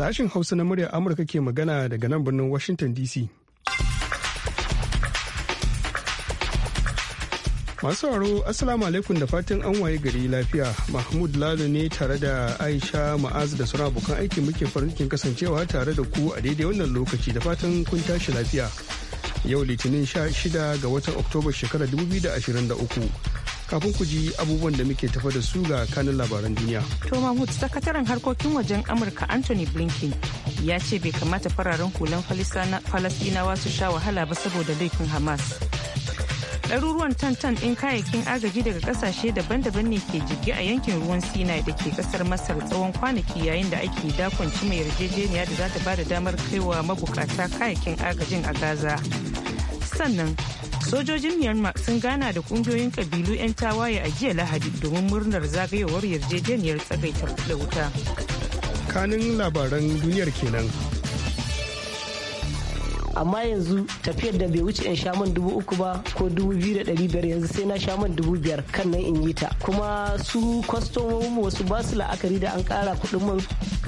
Sashen Hausa na muryar Amurka ke magana daga nan birnin Washington DC. Masu sauraro Assalamu alaikum da fatan an waye gari lafiya. Mahmud Lalo ne tare da Aisha Ma'az da sauran abokan aiki muke farin kasancewa tare da ku a daidai wannan lokaci da fatan kun tashi lafiya. yau litinin 16 ga watan oktoba shekarar 2023 kafin ku ji abubuwan da muke tafa da su ga kanin labaran duniya. To sakataren harkokin wajen Amurka Anthony Blinken ya ce bai kamata fararen hulan Falasɗinawa su sha wahala ba saboda laifin Hamas. Ɗaruruwan tantan ɗin kayayyakin agaji daga ƙasashe daban-daban ne ke jirgi a yankin ruwan Sinai da ke ƙasar Masar tsawon kwanaki yayin da ake dakon mai yarjejeniya da za ta ba da damar kaiwa mabukata kayayyakin agajin a Gaza. sannan sojojin myanmar sun gana da kungiyoyin kabilu 'yan tawaye a jiya lahadi domin murnar zagayowar yarjejeniyar tsagaitar da wuta kanin labaran duniyar kenan amma yanzu tafiyar da bai wuce in sha man dubu uku ba ko dubu biyu da ɗari biyar yanzu sai na sha man dubu biyar kan nan in yi ta kuma su kwastomomin wasu ba su la'akari da an ƙara kuɗin man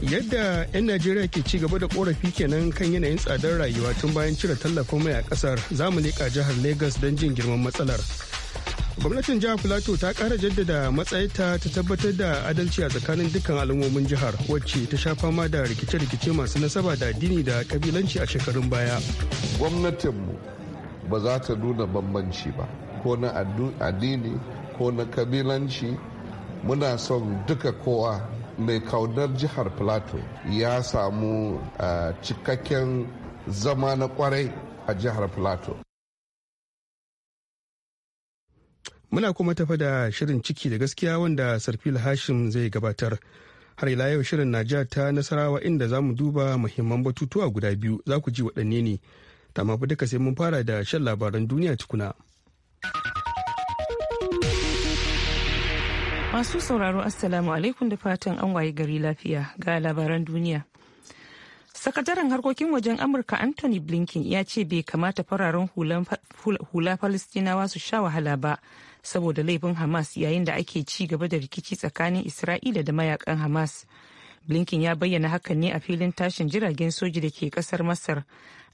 yadda 'yan najeriya ke ci gaba da korafi kenan kan yanayin tsadar rayuwa tun bayan cire tallafin mai a kasar zamu leƙa jihar Legas don jin girman matsalar gwamnatin jihar plateau ta kara jaddada matsayinta ta tabbatar da adalci a tsakanin dukkan al'ummomin jihar wacce ta sha fama da rikice-rikice masu nasaba da addini da kabilanci a shekarun baya gwamnatinmu ba za ta nuna bambanci ba ko na addini ko na kabilanci muna son duka kowa mai kaunar jihar plateau ya samu cikakken zama na kwarai a jihar plateau muna kuma tafa da shirin ciki da gaskiya wanda sarfil hashim zai gabatar har ila yau shirin na jihar ta nasarawa inda za mu duba muhimman batutuwa guda biyu za ku ji waɗanne ne ta mafi duka sai mun fara da shan labaran duniya tukuna. Masu sauraro Assalamu alaikum da fatan an waye gari lafiya ga labaran duniya. Sakataren harkokin wajen Amurka Anthony Blinken ya ce bai kamata fararen hula Falistinawa su sha wahala ba saboda laifin Hamas yayin da ake ci gaba da rikici tsakanin Isra'ila da mayakan Hamas. blinken ya bayyana hakan ne a filin tashin jiragen soji da ke kasar masar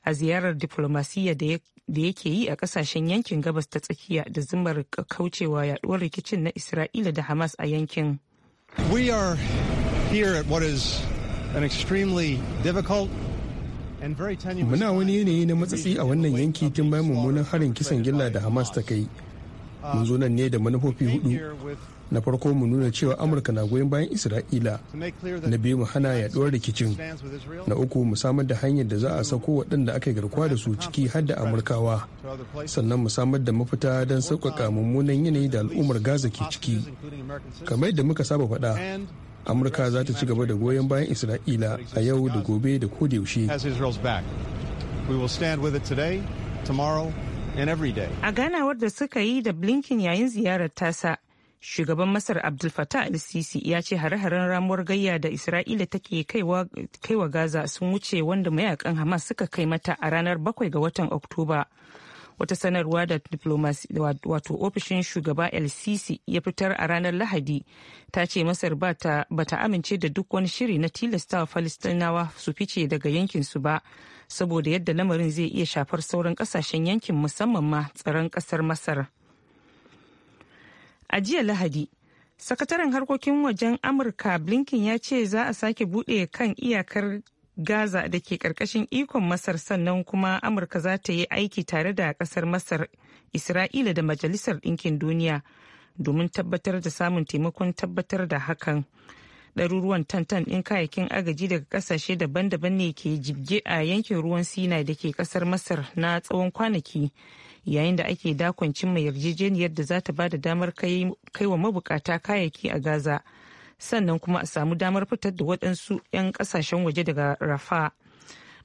a ziyarar diflomasiyya da yake yi a kasashen yankin gabas ta tsakiya da zumar kaucewa yaduwar rikicin na isra'ila da hamas a yankin we are here at what is an extremely difficult Muna wani yanayi na matsatsi a wannan yanki tun bayan mummunan harin kisan gilla da Hamas ta kai. Mun zo nan ne da manufofi hudu. na farko mu nuna cewa amurka na goyon bayan isra'ila na biyu mu hana yaduwar rikicin na uku mu samar da hanyar da za a sako waɗanda aka garkuwa da su ciki har da amurkawa sannan mu samar da mafita don sauƙaƙa mummunan yanayi da al'ummar gaza ke ciki kamar yadda muka saba faɗa amurka za ta ci gaba da goyon bayan isra'ila a yau da gobe da kodayaushe a ganawar da suka yi da blinken yayin ziyarar tasa shugaban masar abdul fatah al-sisi ya ce hare-haren ramuwar gayya da isra'ila take wa gaza sun wuce wanda mayakan hamas suka kai mata a ranar 7 ga watan oktoba wata sanarwa da wato ofishin shugaba el-sisi ya fitar a ranar lahadi ta ce masar ba ta amince da duk wani shiri na tilastawa falistinawa su fice daga yankinsu ba saboda yadda lamarin zai iya shafar sauran kasashen yankin musamman ma tsaron kasar masar a jiya lahadi sakataren harkokin wajen amurka blinken ya ce za a sake bude kan iyakar gaza da ke karkashin ikon masar sannan kuma amurka za ta yi aiki tare da kasar masar isra'ila da majalisar ɗinkin duniya domin tabbatar da samun taimakon tabbatar da hakan ɗaruruwan tantan ɗin kayayyakin agaji daga ƙasashe daban-daban ne ke jibge a yankin ruwan sinai da ke ƙasar masar na tsawon kwanaki yayin da ake dakon cimma yarjejeniyar da za ta ba da damar kai wa mabukata kayayyaki a gaza sannan kuma a samu damar fitar da waɗansu 'yan ƙasashen waje daga rafa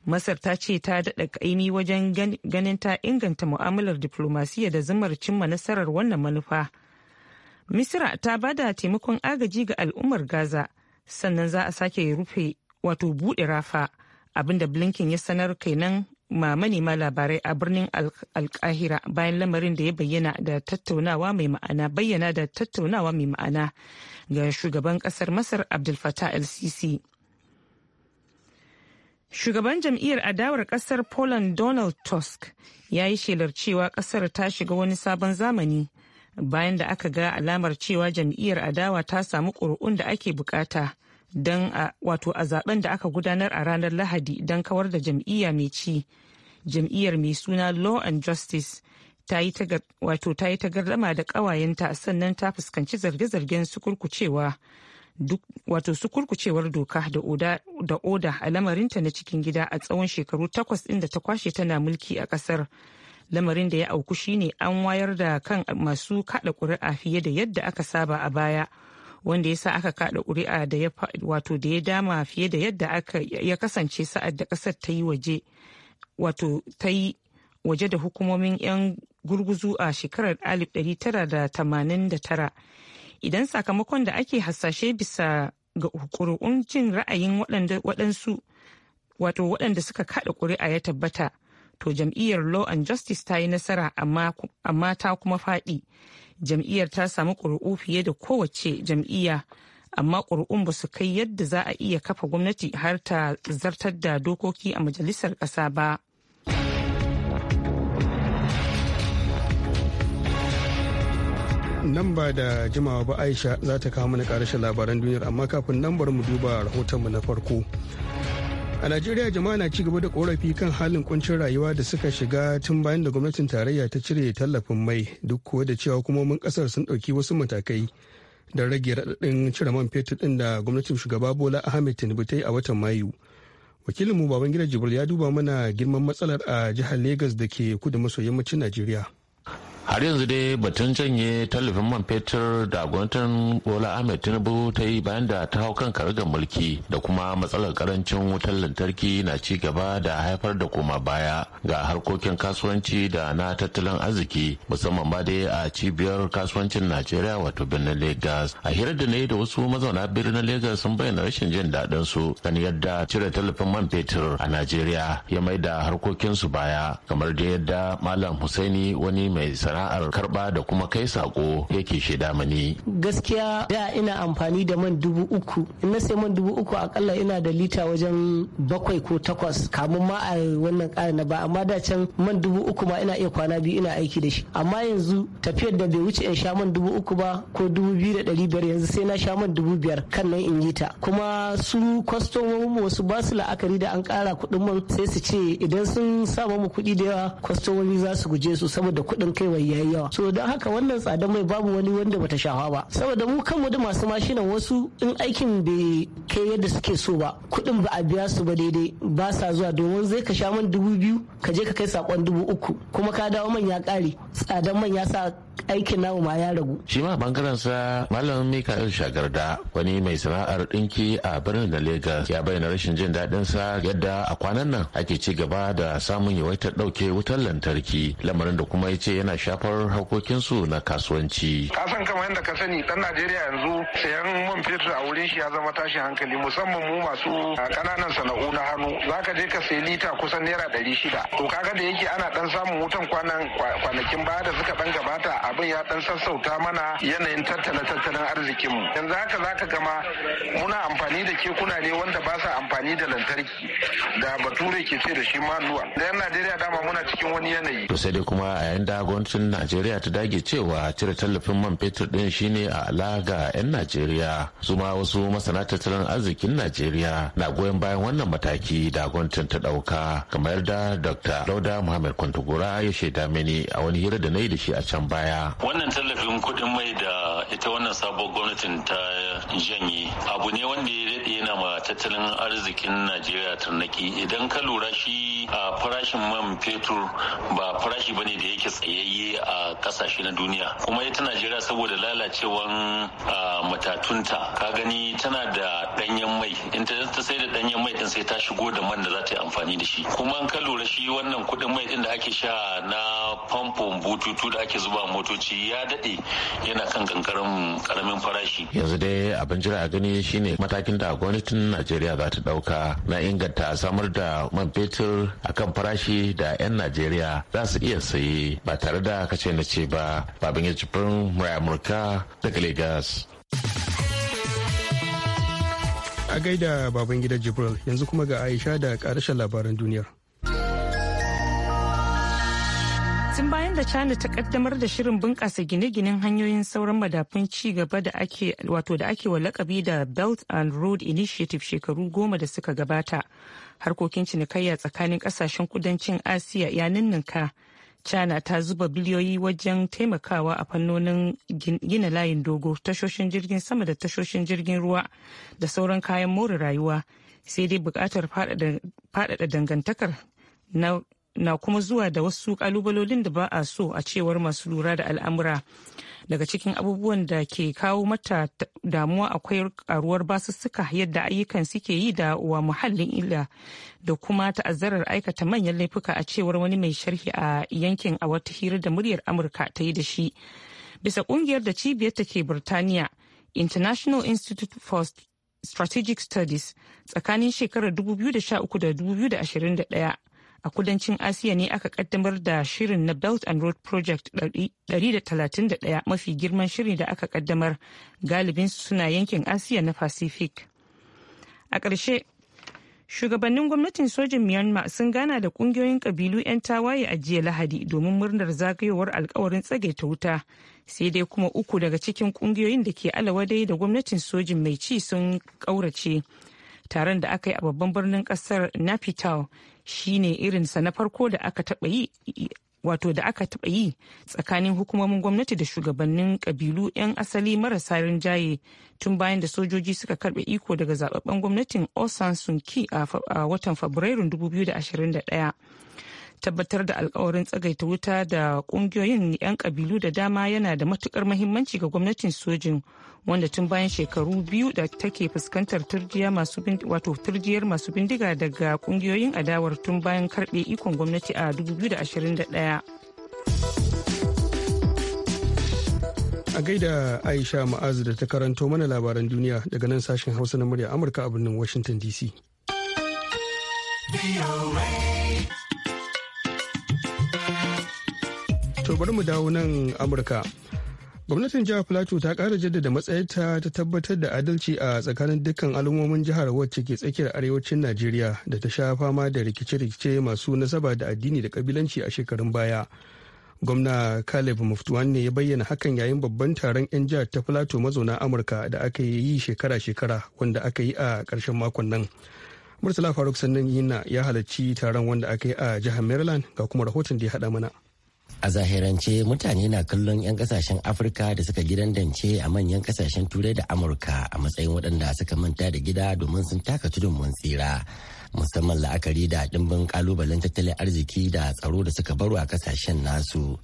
masar ta ce ta daɗa ƙaimi wajen ganin ta inganta mu'amalar diflomasiyya da zumar cimma nasarar wannan manufa misira ta ba da taimakon agaji ga al'ummar gaza sannan za a sake rufe wato buɗe rafa abinda blinken ya sanar kenan ma manema labarai a birnin alkahira bayan lamarin da ya bayyana da tattaunawa mai ma'ana bayyana da tattaunawa mai ma'ana ga shugaban kasar masar abdul fatah sisi shugaban jam'iyyar adawar kasar poland donald tusk ya yi shelar cewa kasar ta shiga wani sabon zamani bayan da aka ga alamar cewa jam'iyyar adawa ta samu ƙuri'un da ake bukata don wato a zaben da aka gudanar a ranar lahadi don kawar da jam'iyya mai ci jam'iyyar mai suna law and justice ta yi ta gardama da kawayenta sannan ta fuskanci zarge-zargen sukurkucewa wato sukurkucewar doka da oda a lamarinta na cikin gida a tsawon shekaru takwas inda ta kwashe tana mulki a kasar lamarin da ya auku shine an wayar da kan masu kaɗa ƙuri'a fiye da yadda aka saba a baya wanda ya sa aka kada kuri'a da ya wato da ya dama fiye da yadda aka ya kasance sa'ad da kasar ta yi waje wato ta yi waje da hukumomin 'yan gurguzu a shekarar 1989 idan sakamakon da ake hasashe bisa ga ƙuri'un jin ra'ayin waɗansu wato waɗanda suka kada ƙuri'a ya tabbata to jam'iyyar law and justice ta yi nasara amma ta kuma faɗi jam'iyyar ta samu ƙuri'u fiye da kowace jam'iyya amma ƙuri'un ba su kai yadda za a iya kafa gwamnati har ta zartar da dokoki a majalisar ƙasa ba. nan ba da jimawa ba aisha za ta kawo mana karashin labaran duniyar amma kafin nan bar mu duba rahoton mu na farko a najeriya jama'a na cigaba da korafi kan halin kuncin rayuwa da suka shiga tun bayan da gwamnatin tarayya ta cire tallafin mai duk kuwa da cewa hukumomin kasar sun ɗauki wasu matakai don rage raɗaɗin cire man fetur ɗin da gwamnatin shugaba bola ahmed tinubu ta yi a watan mayu wakilinmu babangida jibril ya duba mana girman matsalar a jihar Legas da ke kudu maso yammacin najeriya har yanzu dai batun janye tallafin man fetur da gwamnatin bola ahmed tinubu ta yi bayan da ta hau kan karagar mulki da kuma matsalar karancin wutar lantarki na ci gaba da haifar da koma baya ga harkokin kasuwanci da na tattalin arziki musamman ba dai a cibiyar kasuwancin najeriya wato birnin lagos a hirar da na yi da wasu mazauna birnin lagos sun bayyana rashin jin daɗin su kan yadda cire tallafin man fetur a najeriya ya mai da harkokinsu baya kamar da yadda malam husaini wani mai sana'ar karba da kuma kai sako yake shaida mani gaskiya da ina amfani da man dubu uku in na sai man dubu uku akalla ina da lita wajen bakwai ko takwas kamun ma a wannan ƙarin na ba amma da can man dubu uku ma ina iya kwana biyu ina aiki da shi amma yanzu tafiyar da bai wuce in sha man dubu uku ba ko dubu biyu da ɗari biyar yanzu sai na sha man dubu biyar kan nan in yi ta kuma su kwastomomin wasu ba su la'akari da an ƙara kuɗin man sai su ce idan sun sa mu kuɗi da yawa kwastomomi za su guje su saboda kuɗin kaiwa yayi yawa so don haka wannan tsadar mai babu wani wanda bata shafa ba saboda mu kanmu da masu mashinan wasu in aikin bai kai yadda suke so ba kuɗin ba a biya su ba daidai ba sa zuwa domin zai ka sha man dubu biyu ka je ka kai sakon dubu uku kuma ka dawo man ya kare tsadar man ya sa aikin namu ma ya ragu shi ma bangaren sa malam Mikael Shagarda wani mai sana'ar dinki a birnin da Lagos ya bayyana rashin jin daɗin sa yadda a kwanan nan ake ci gaba da samun yawaitar ɗauke wutar lantarki lamarin da kuma ya ce yana shafar harkokin su na kasuwanci ka san kamar yadda ka sani ɗan Najeriya yanzu sayan man fetur a wurin shi ya zama tashin hankali musamman mu masu kananan sana'u na hannu zaka je ka sayi lita kusan naira ɗari shida to kaga da yake ana ɗan samun wutan kwanan kwanakin baya da suka dan gabata a abin ya dan sassauta mana yanayin tattala tattalin arzikinmu yanzu haka zaka gama muna amfani da kekuna ne wanda ba sa amfani da lantarki da bature ke ce da shi manuwa da yan najeriya dama muna cikin wani yanayi to sai dai kuma a yayin da gwamnatin najeriya ta dage cewa cire tallafin man fetur din shine a alaga yan najeriya su wasu masana tattalin arzikin najeriya na goyon bayan wannan mataki da gwamnatin ta dauka kamar da dr dauda muhammad kwantagora ya shaida mini a wani hira da na yi da shi a can baya Wannan tallafin kuɗin mai da ita wannan sabon gwamnatin ta janye abu ne wanda ya daɗe yana ma tattalin arzikin Najeriya tarnaki idan ka lura shi a farashin man fetur ba farashi ba ne da yake tsayayye a ƙasashe na duniya kuma ita Najeriya saboda lalacewan matatunta ka gani tana da ɗanyen mai in ta sai da ɗanyen mai din sai ta shigo da man da za ta yi amfani da shi kuma an ka lura shi wannan kuɗin mai din da ake sha na famfon bututu da ake zuba motoci ya daɗe yana kan kankarin karamin farashi yanzu dai abin jira a gani shine matakin da gwamnatin najeriya za ta ɗauka na inganta samar da man fetur akan farashi da 'yan najeriya za su iya saye ba tare da kace na ce ba babin ya murai amurka daga lagos a gaida baban gidan jibril yanzu kuma ga aisha da karashen labaran duniyar bayan da china ta kaddamar da shirin bunƙasa gine-ginen hanyoyin sauran madafun ci gaba da ake wato da ake lakabi da belt and road initiative shekaru goma da suka gabata harkokin cinikayya tsakanin kasashen kudancin asiya ya ninninka china ta zuba biliyoyi wajen taimakawa a fannonin gina layin dogo tashoshin jirgin sama da tashoshin jirgin ruwa da sauran kayan more rayuwa sai dai bukatar faɗaɗa dangantakar na na kuma zuwa da wasu kalubalolin da ba a so a cewar masu lura da al'amura daga cikin abubuwan da ke kawo mata damuwa akwai karuwar basussuka yadda ayyukan suke yi da wa muhallin illa da kuma ta'azzarar aikata manyan laifuka a cewar wani mai sharhi a yankin a wata hira da muryar amurka ta yi da shi bisa kungiyar da cibiyar ta ke birtaniya international institute for strategic studies tsakanin shekarar 2013 da 2021 a kudancin asiya ne aka kaddamar da shirin na belt and road project 131 mafi girman shiri da aka kaddamar galibin suna yankin asiya na pacific a ƙarshe shugabannin gwamnatin sojin myanmar sun gana da ƙungiyoyin ƙabilu 'yan tawaye a jiya lahadi domin murnar zagayowar alkawarin tsagaita wuta sai dai kuma uku daga cikin ƙungiyoyin da ke alawadai da gwamnatin sojin mai ci sun kaurace taron da aka yi a babban birnin ƙasar napital shine sa na farko da aka taɓa yi wato da aka taɓa yi tsakanin hukumomin gwamnati da shugabannin ƙabilu 'yan asali marasa rinjaye tun bayan da sojoji suka karbe iko daga zababben gwamnatin osan sunki a watan fabrairun 2021 tabbatar da alkawarin tsagaita wuta da kungiyoyin 'yan kabilu da dama yana da matukar mahimmanci ga gwamnatin sojin wanda tun bayan shekaru biyu da take fuskantar turjiyar masu bindiga daga kungiyoyin adawar tun bayan karbe ikon gwamnati a 2021 a gaida aisha ma'azu da ta karanto mana labaran duniya daga nan sashen hausa na murya amurka a birnin washington dc To bari mu dawo nan Amurka. Gwamnatin jihar Plateau ta ƙara jaddada matsayarta ta tabbatar da adalci a tsakanin dukkan al'ummomin jihar wacce ke tsakiyar arewacin Najeriya da ta sha fama da rikice-rikice masu nasaba da addini da kabilanci a shekarun baya. Gwamna Caleb Muftuwan ne ya bayyana hakan yayin babban taron 'yan jihar ta Plateau mazauna Amurka da aka yi shekara-shekara wanda aka yi a ƙarshen makon nan. Murtala Faruk Sannan Yina ya halarci taron wanda aka yi a jihar Maryland ga kuma rahoton da ya haɗa mana. a zahirance mutane na kallon 'yan kasashen afirka da suka gidan dance a manyan kasashen turai da amurka a matsayin waɗanda suka manta da gida domin sun taka tudun mun tsira musamman la'akari da ɗimbin kalubalen tattalin arziki da tsaro da suka baro a kasashen nasu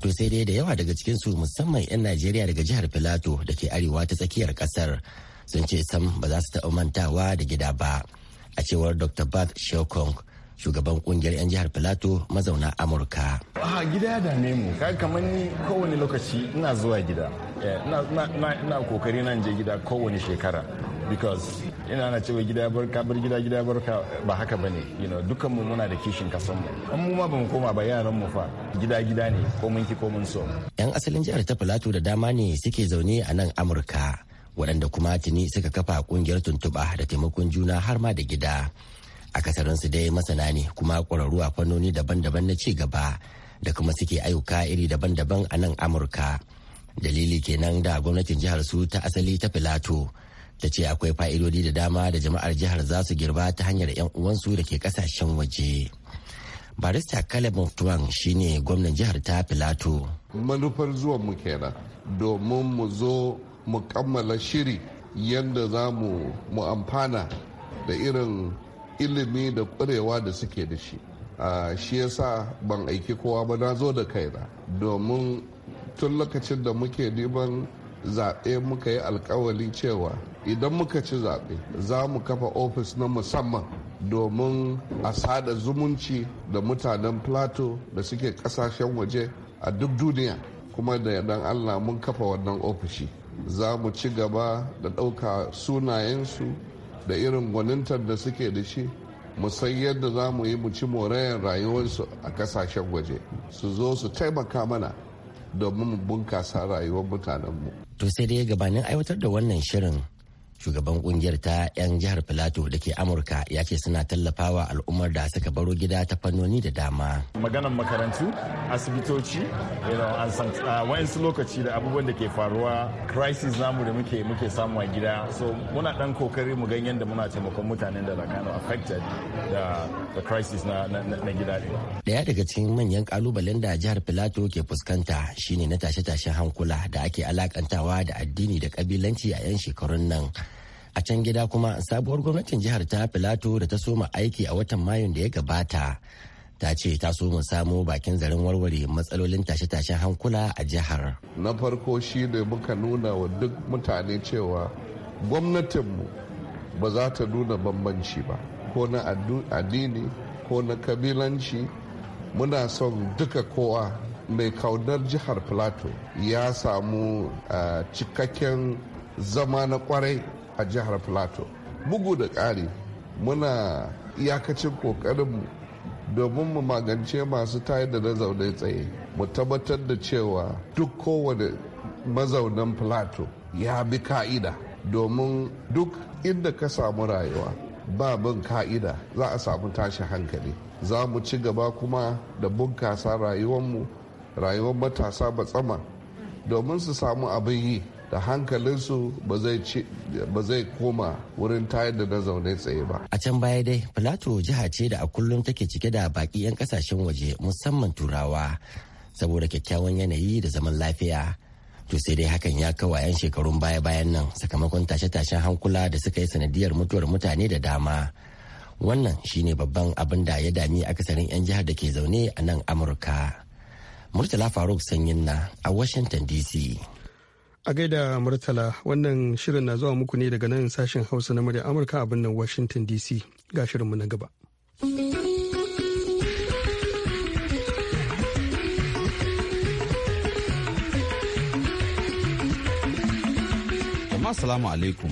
to sai dai da yawa daga cikinsu musamman 'yan najeriya daga jihar filato da ke arewa ta tsakiyar kasar sun ce sam ba za su taɓa mantawa da gida ba a cewar dr bath shekong shugaban kungiyar 'yan jihar filato mazauna amurka a gida ya dame mu kai kamar ni kowane lokaci ina zuwa gida eh, ina kokari nan je gida kowane shekara because ina na cewa gida ya barka bar gida gida ya barka ba haka ba ne you know dukan mu muna da kishin kasan mu an mu ma ba mu koma ba yaran mu fa gida gida ne ko mun ki ko mun so yan asalin jihar ta Filato da dama ne suke zaune a nan amurka waɗanda kuma tuni suka kafa kungiyar tuntuɓa da taimakon juna har ma da gida a akasarinsu dai masana ne kuma kwararru a fannoni daban-daban na ci gaba da kuma suke ayyuka iri daban-daban a nan amurka dalili kenan da gwamnatin jihar su ta asali ta filato ta ce akwai fa'idodi da dama da jama'ar jihar za su girba ta hanyar 'yan uwansu da ke kasashen waje barista caleb muftuwan shine gwamnan jihar ta filato manufar zuwan mu kenan domin mu zo mu kammala shiri yadda za mu amfana da irin ilimi da kwarewa da suke da shi shi yasa ban aiki kowa ba na zo da kaina domin tun lokacin da muke neman zaɓe muka yi alkawalin cewa idan muka ci zaɓe za mu kafa ofis na musamman domin a sada zumunci da mutanen plato da suke kasashen waje a duk duniya kuma da dan allah mun kafa wannan ofishi za mu ci gaba da ɗauka sunayensu da irin gwanintar da suke da shi mu san yadda za mu yi mu ci morayen rayuwarsu a kasashen waje su zo su taimaka mana domin bunkasa rayuwar mutanenmu. To sai dai gabanin aiwatar da wannan shirin shugaban kungiyar ta 'yan jihar filato da ke amurka ya ce suna tallafawa al'ummar da suka baro gida ta fannoni da dama maganan makarantu asibitoci uh, wa'insu lokaci da abubuwan da ke faruwa crisis namu da muke muke samu a gida so muna dan kokari mu gan da muna taimakon mutanen da kind affected da the crisis na, gida ne daya daga cikin manyan kalubalen da jihar filato ke fuskanta shine na tashe-tashen hankula da ake alakantawa da addini da kabilanci a 'yan shekarun nan a can gida kuma sabuwar gwamnatin jihar ta filato da ta soma aiki a watan mayun da ya gabata ta ce ta so mu samo bakin zarin warware matsalolin tashe-tashen hankula a jihar. Na farko shi ne muka nuna wa duk mutane cewa gwamnatinmu ba za ta nuna bambanci ba ko na addini ko na kabilanci muna son duka kowa mai kaunar jihar plateau ya samu ah, cikakken zama na kwarai a jihar plateau bugu da ƙari muna iyakacin ƙoƙarinmu domin mu magance masu tayar da na zaune tsaye mu tabbatar da cewa duk kowane mazaunan plateau ya bi ka'ida domin duk inda ka samu rayuwa ba bin ka'ida za a samu tashi hankali za mu ci gaba kuma da bunkasa rayuwarmu rayuwar matasa ba tsama domin su samu abin yi da hankalinsu ba zai koma wurin tayar da na zaune tsaye ba. A can baya dai, Filato jiha ce da a kullum take cike da baki 'yan kasashen waje musamman turawa saboda kyakkyawan yanayi da zaman lafiya. To sai dai hakan ya kawa 'yan shekarun baya-bayan nan sakamakon tashe-tashen hankula da suka yi sanadiyar mutuwar mutane da dama. Wannan shine babban abin da ya dami akasarin 'yan jihar da ke zaune a nan Amurka. Murtala Faruk Sanyin na a Washington DC. A gaida Murtala wannan shirin na zuwa muku ne daga nan sashen Hausa na murya Amurka a birnin Washington DC ga shirinmu na gaba. Assalamu alaikum.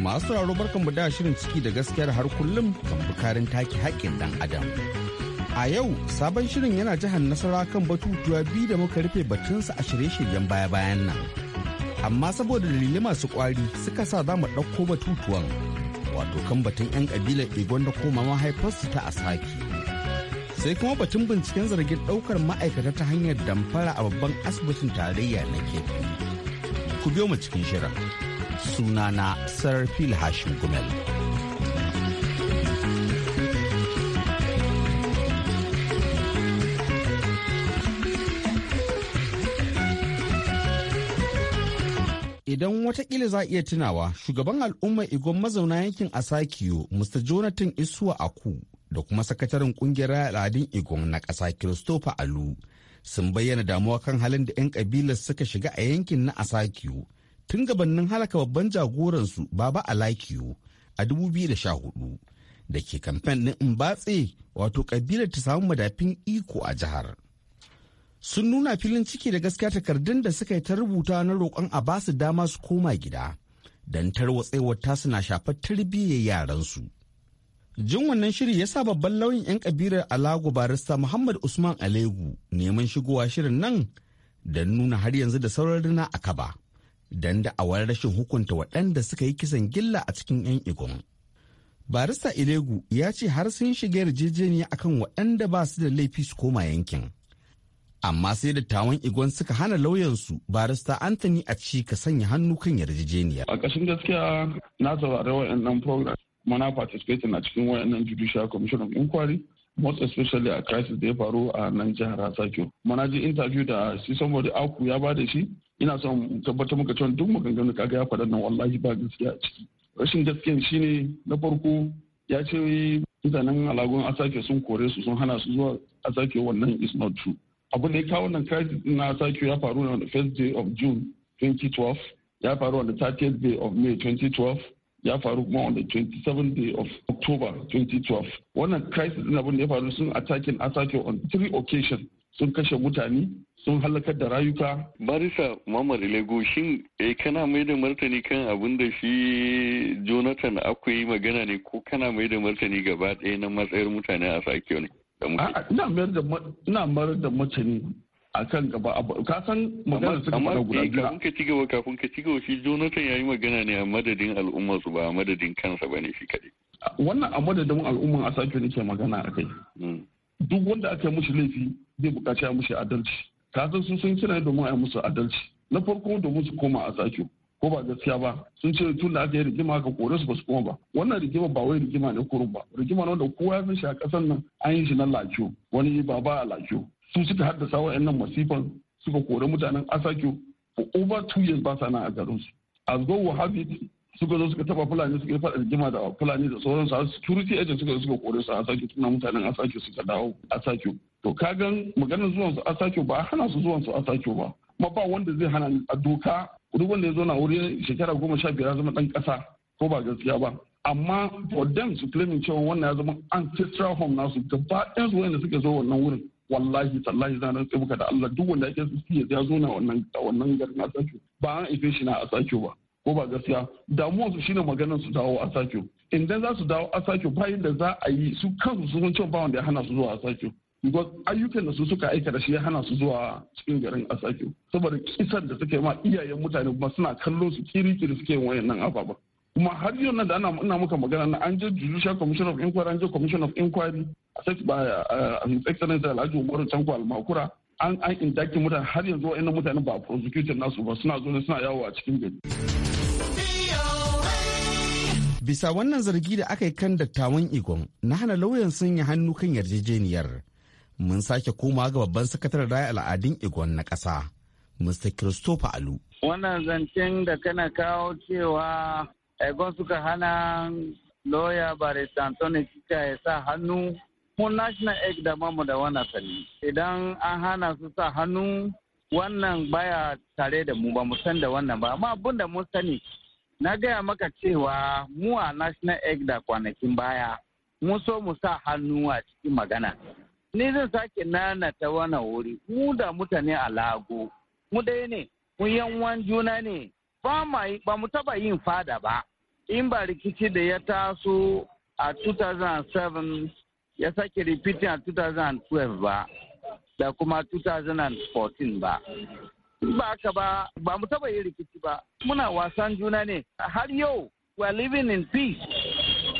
Masu sauraro mu da shirin ciki da gaskiyar har kullum kan bukarin taki hakkin dan adam. A yau sabon shirin yana jihar nasara kan batutuwa biyu da muka rufe batunsa a shirye-shiryen baya-bayan nan. amma saboda dalili masu kwari suka sa za mu ɗauko batutuwan wato kan batun 'yan ƙabilar igon da koma mahaifarsu ta asaki sai kuma batun binciken zargin ɗaukar ma'aikata ta hanyar damfara a babban asibitin tarayya na kefi ku biyo mu cikin shirin sunana sarfil hashim gumel. idan watakila za a iya tunawa shugaban al'ummar igon mazauna yankin asakiyo mr jonathan isuwa aku da kuma sakataren kungiyar al'adun igon na ƙasa christopher alu sun bayyana damuwa kan halin da 'yan kabilar suka shiga a yankin na asakiyo tun gabanin halaka babban jagoransu baba alakiyo a 2014 da ke kamfen ɗin in batse wato ƙabilar ta samu madafin iko a jihar. sun nuna filin ciki da gaskiya takardun da suka yi ta rubuta na roƙon a ba su dama su koma gida don tarwatsewar ta suna shafar tarbiyyar yaransu. Jin wannan shiri ya sa babban lauyin 'yan kabilar Alago barista Muhammad Usman Alegu neman shigowa shirin nan don nuna har yanzu da sauran rina a kaba don da'awar rashin hukunta waɗanda suka yi kisan gilla a cikin 'yan igon. Barista Ilegu ya ce har sun shiga yarjejeniya akan waɗanda ba su da laifi su koma yankin. amma sai da tawon igon suka hana lauyansu barista anthony a ci ka sanya hannu kan yarjejeniya a ƙashin gaskiya na saurari wayannan program mana na participate a cikin wayannan judicial commission of inquiry most especially a crisis da ya faru a nan jihar Asakio. Mana ji interview da si somebody aku ya bada shi ina son tabbatar muka cewa duk maganganun kaga ya faɗa nan wallahi ba gaskiya a ciki. Rashin gaskiyan shine na farko ya ce mutanen alagun asake sun kore su sun hana su zuwa asake wannan is not true. Abu da ya kawo wannan crisis na sakiyo ya faru on the first day of june 2012 ya faru on the 30th day of may 2012 ya faru kuma on the 27th day of october 2012 wannan crisis din abin da ya faru sun attacking asakio on three occasions sun kashe mutane sun halakar da rayuka. Barisa Mamar Lego shin eh, kana mai da martani kan abin da shi Jonathan akwai magana ne ko kana mai da martani gaba ɗaya na matsayar mutane a sakiyo ne? Ina mayar da martani a kan gaba ka san magana suka fara guda biyu. Amma ka ci gaba kafin ka ci gaba shi Jonathan ya yi magana ne a madadin al'umma su ba a madadin kansa ba ne shi kaɗai. Wannan a madadin al'ummar a sake nake magana a kai. Hmm. Duk wanda aka yi mushi laifi zai bukaci a mushi adalci. Ka san su sun kira domin a yi musu adalci. Na farko domin su koma a sake. ko ba gaskiya ba sun ce tun da aka yi rigima ka kore su ba su koma ba wannan rigima ba wai rigima ne kurun ba rigima wanda kowa ya san shi a ƙasar nan an yi shi na lakiyo wani baba a lakiyo su suka haddasa wayannan masifan suka kore mutanen asakiyo for over two years ba sa nan a garin su as go have suka zo suka taba fulani suka yi faɗa rigima da fulani da sauransu su security agent suka zo suka kore su a tun mutanen asakiyo suka dawo asakiyo to kagan maganar zuwansu asakyo ba a hana su zuwansu asakyo ba kuma ba wanda zai hana a doka duk wanda ya zo na wuri shekara goma sha biyar zama dan kasa ko ba gaskiya ba amma for them su claiming cewa wannan ya zama ancestral home nasu gaba ɗaya su wanda suke zo wannan wurin wallahi tallahi zan rantsa muka da Allah duk wanda yake suke ya zo na wannan wannan garin a sake ba an ife shi na a sake ba ko ba gaskiya damuwar su shine maganar su dawo a sake idan za su dawo a sake bayan da za a yi su kansu sun cewa ba wanda ya hana su zuwa a sake ayyukan da su suka da shi ya hana su zuwa cikin garin asake saboda kisan da suke ma iyayen mutane kuma suna kallo su kiri-kiri suke yin wayannan ababen kuma har yau nan da ana ina muka magana na an je judicial commission of inquiry an je commission of inquiry assessed by uh, his excellency alhaji umaru canko almakura an an indaki mutane har yanzu wayannan mutane ba prosecutor nasu ba suna zo suna yawo a cikin gari bisa wannan zargi da aka yi kan dattawan igon na hana lauyan sanya hannu kan yarjejeniyar mun sake komawa ga babban sakataren raya al'adun igon na ƙasa mr christopher alu wannan zancen da kana kawo cewa igon suka hana lawyer barista antoni kika ya sa hannu mun national egg da mamu da wannan sani idan an hana su sa hannu wannan baya tare da mu ba mu san da wannan ba amma abin da mun sani na gaya maka cewa mu a national egg da kwanakin baya mu so mu sa hannu a cikin magana ni zan sake nanata wannan wuri mu da mutane a lago mu ɗaya ne mu yanwan juna ne ba ba mu taba yin fada ba in ba rikici da ya taso a 2007 ya sake repeating a 2012 ba da kuma 2014 ba ba ka ba ba mu taba yin rikici ba muna wasan juna ne har yau we are living in peace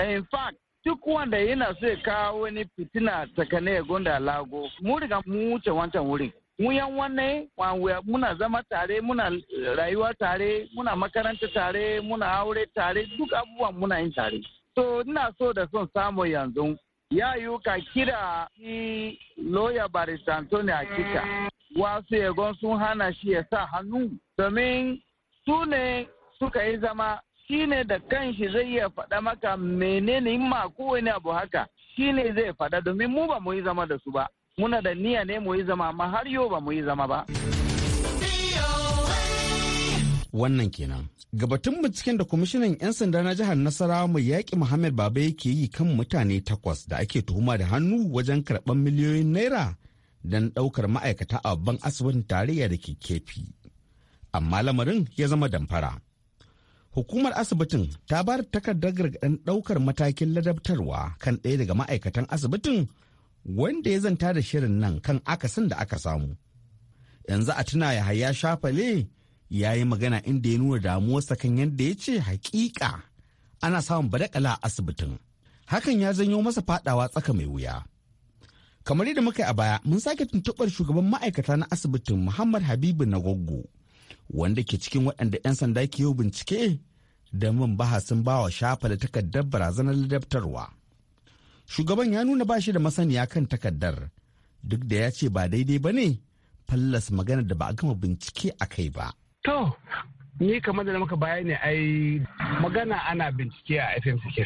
in fact duk wanda yana so ya kawo wani fitina tsakanin gonda lago mu riga mu wuce wancan wurin mu yan wanne muna zama tare muna rayuwa tare muna makaranta tare muna aure tare duk abubuwan muna yin tare to ina so da son samu yanzu ya yi ka kira shi loya barista antoni akita wasu yagon sun hana shi ya sa hannu domin su ne suka yi zama shi ne da kanshi zai iya faɗa maka menene in ma kowane abu haka shi ne zai faɗa domin mu ba mu yi zama da su ba muna da niyya ne mu yi zama amma har yau ba mu yi zama ba. Wannan kenan. Gabatun binciken da kwamishinan 'yan sanda na jihar Nasarawa mai yaƙi Muhammad Baba yake yi kan mutane takwas da ake tuhuma da hannu wajen karɓar miliyoyin naira don ɗaukar ma'aikata a babban asibitin tarayya da ke kefi. Amma lamarin ya zama damfara. Hukumar asibitin ta ba takardar gargaɗin ɗaukar matakin ladabtarwa kan ɗaya daga ma'aikatan asibitin wanda ya zanta da shirin nan kan akasin da aka samu. Yanzu a tuna Yahaya Shafale ya yi magana inda ya nuna damuwarsa kan yadda ya ce hakika ana samun badakala a asibitin. Hakan ya zanyo masa fadawa tsaka mai wuya. Kamar yadda muka yi a baya, mun sake tuntuɓar shugaban ma'aikata na asibitin Muhammad Habibu Nagoggo wanda ke cikin waɗanda 'yan sanda ke yi bincike da min bahasin shafa da takardar barazanar ladabtarwa. Shugaban ya nuna bashi da masaniya kan takardar duk da ya ce ba daidai ba ne fallas magana da ba a gama bincike a kai ba. To, ni kamar da maka bayani ai magana ana bincike a FMCK.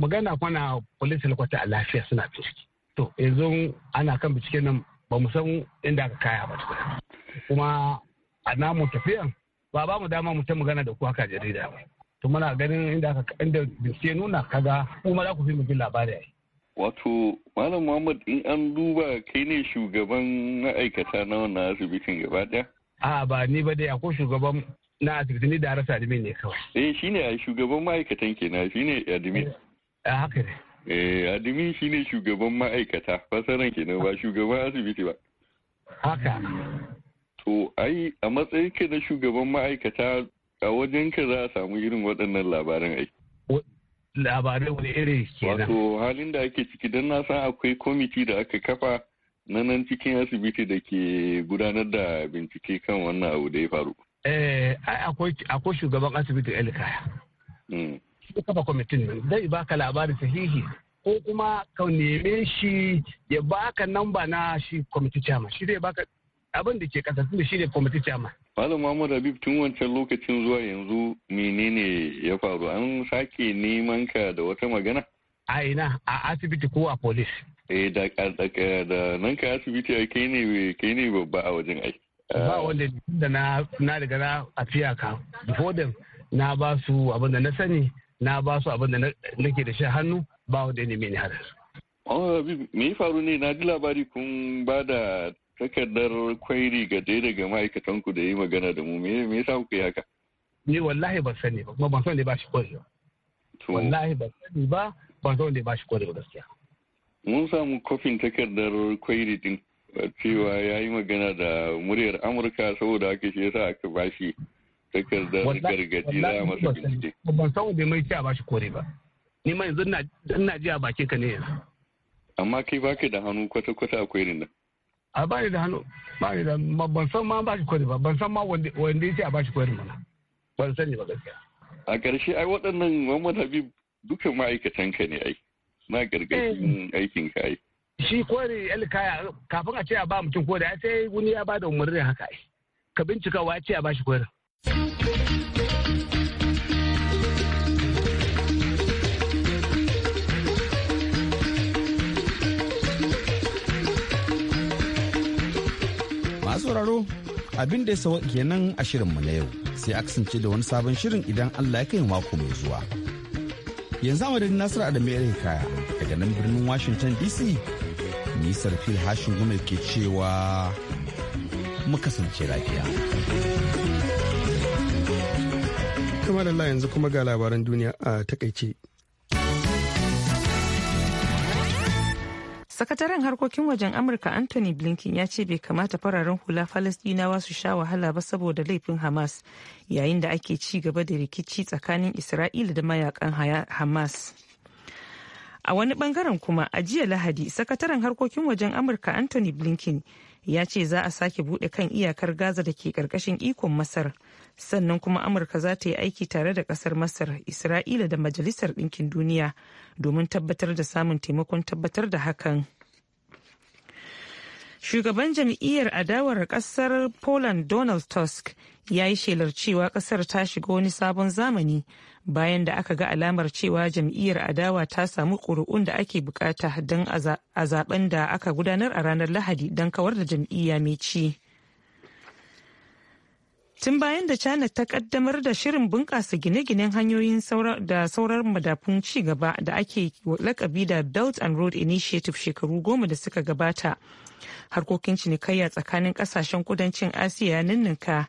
Magana kwana police kwata a lafiya suna bincike. To, yanzu ana kan bincike nan ba san inda aka kaya ba tukuna. Kuma a namu tafiyan ba ba mu dama mu ta magana da ku haka jarida ba to muna ganin inda aka inda bincike nuna kaga kuma za ku fi mu jin labari wato malam muhammad in an duba kai ne shugaban ma'aikata na wannan asibitin gaba daya a ba ni ba dai akwai shugaban na asibiti ni da rasa admin ne kawai eh shine a shugaban ma'aikatan kenan shine admin eh, a haka ne eh admin shine shugaban ma'aikata fasaran kenan ba shugaban asibiti ba haka To ai a matsayin ka na shugaban ma'aikata a wajen ka za a samu irin waɗannan labaran ai. Labarai wani iri kenan. Wato halin da ake ciki don na san akwai kwamiti da aka kafa na nan cikin asibiti da ke gudanar da bincike kan wannan abu da ya faru. Eh, akwai shugaban asibitin Elikaya. Shi hmm. kafa kwamitin nan zai baka labari sahihi ko kuma ka neme shi ya baka namba na shi kwamiti chairman shi zai baka abin da ke kasance da da shine kwamitin chairman. Malam Muhammad Habib tun wancan lokacin zuwa yanzu menene ya faru an sake neman ka da wata magana? A ina a asibiti ko a polis. Eh da da nan ka asibiti a kai ne kai ne babba a wajen ai. Ba ah. wanda da na na daga na a fiyaka before na ba su abin da na sani na ba su abin da nake da shi hannu ba wanda ne mini har. Oh, me ya faru ne na ji labari kun ba da takardar kwairi ga dai daga ma'aikatan ku da yi magana da mu me yasa kuka yi haka ni wallahi ban sani ba kuma ban san da ba shi kwarewa wallahi ban sani ba ban san da ba shi kwarewa gaskiya mun samu kofin takardar kwairi din cewa ya yi magana da muryar amurka saboda haka shi yasa aka ba shi takardar gargaji za a masa bincike ban san wanda mai cewa ba shi kore ba ni ma yanzu ina ji a bakin ka ne yanzu amma kai baki da hannu kwata-kwata akwai nan a ba da hannu ba da ban san ma ba shi kwari ba ban san ma wanda ya ce a ba shi kwari mana ban san ne ba gaskiya a ƙarshe ai waɗannan Muhammad Habib dukkan ma'aikatan ka ne ai na gargashin eh. aikin ka ai shi kwari alkaya kafin a ce a ba mutum ko da sai wani ya ba da umarni haka ai ka bincika wa ce a ba shi kwari sauraro abin da ya sawa kenan a shirin mu na yau sai a kasance da wani sabon shirin idan Allah ya kai mako mai zuwa. Yanzu amadadin Nasiru Adamu ya kaya daga nan birnin Washington DC nisar fil hashin gumel ke cewa mu kasance lafiya. Kamar Allah yanzu kuma ga labaran duniya a takaice. sakataren harkokin wajen amurka anthony blinken ya ce bai kamata fararen hula falastinawa su sha wahala ba saboda laifin hamas yayin da ake ci gaba da rikici tsakanin isra'ila da mayakan hamas a wani bangaren kuma a jiya lahadi sakataren harkokin wajen amurka anthony blinken ya ce za a sake buɗe kan iyakar gaza da ke ƙarƙashin ikon masar sannan kuma amurka za ta yi aiki tare da kasar masar isra'ila da majalisar ɗinkin duniya domin tabbatar da samun taimakon tabbatar da hakan shugaban jam'iyyar adawar kasar poland donald tusk ya yi shelar cewa kasar ta shiga wani sabon zamani bayan da aka ga alamar cewa jam'iyyar adawa ta samu ƙuri'un da ake bukata don a zaben da aka gudanar a ranar lahadi don kawar da jam'iyya mai ci tun bayan da china ta kaddamar da shirin bunƙasa gine-ginen hanyoyin da saurar madafun ci gaba da ake lakabi da belt and road initiative shekaru goma da suka gabata harkokin cinikayya tsakanin kasashen kudancin asiya ninninka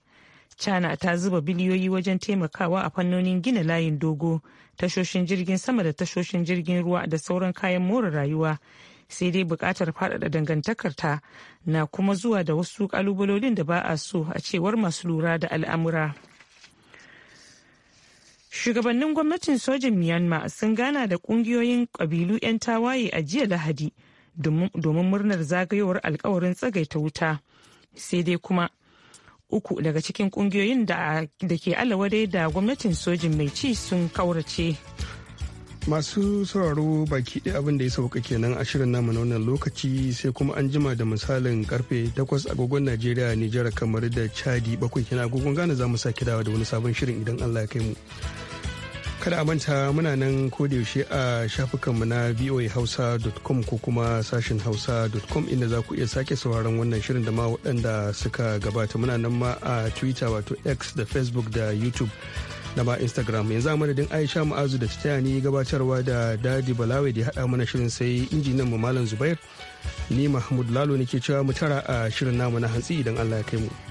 china ta zuba biliyoyi wajen taimakawa a fannonin gina layin dogo tashoshin jirgin sama da tashoshin jirgin ruwa da sauran kayan more rayuwa sai dai buƙatar faɗaɗa dangantakarta na kuma zuwa da wasu ƙalubalolin da ba a so a cewar masu lura da al'amura. Shugabannin gwamnatin sojin Myanmar sun gana da ƙungiyoyin ƙabilu 'yan tawaye a jiya Lahadi domin murnar zagayowar alkawarin tsagaita wuta. Sai dai kuma uku daga cikin ƙungiyoyin da ke alawadai da gwamnatin sojin mai ci sun kaurace. masu sauraro baki ɗaya abin da ya sauka kenan a shirin namu na wannan lokaci sai kuma an jima da misalin karfe 8 agogon najeriya nijar kamar da chadi bakwai kenan agogon ghana za mu sake dawa da wani sabon shirin idan allah ya kai mu kada a manta muna nan yaushe a shafukanmu na voahausa.com ko kuma sashen hausa.com inda za ku iya sake sauraron wannan shirin da ma waɗanda suka gabata muna nan ma a twitter wato x da facebook da youtube na ma instagram yanzu a madadin aisha ma'azu da ta ni gabatarwa da dadi balawai da ya haɗa mana shirin sai injinan mu malam zubair ni mahmud lalo ne ke cewa mu tara a shirin namu na hantsi idan allah ya kai mu.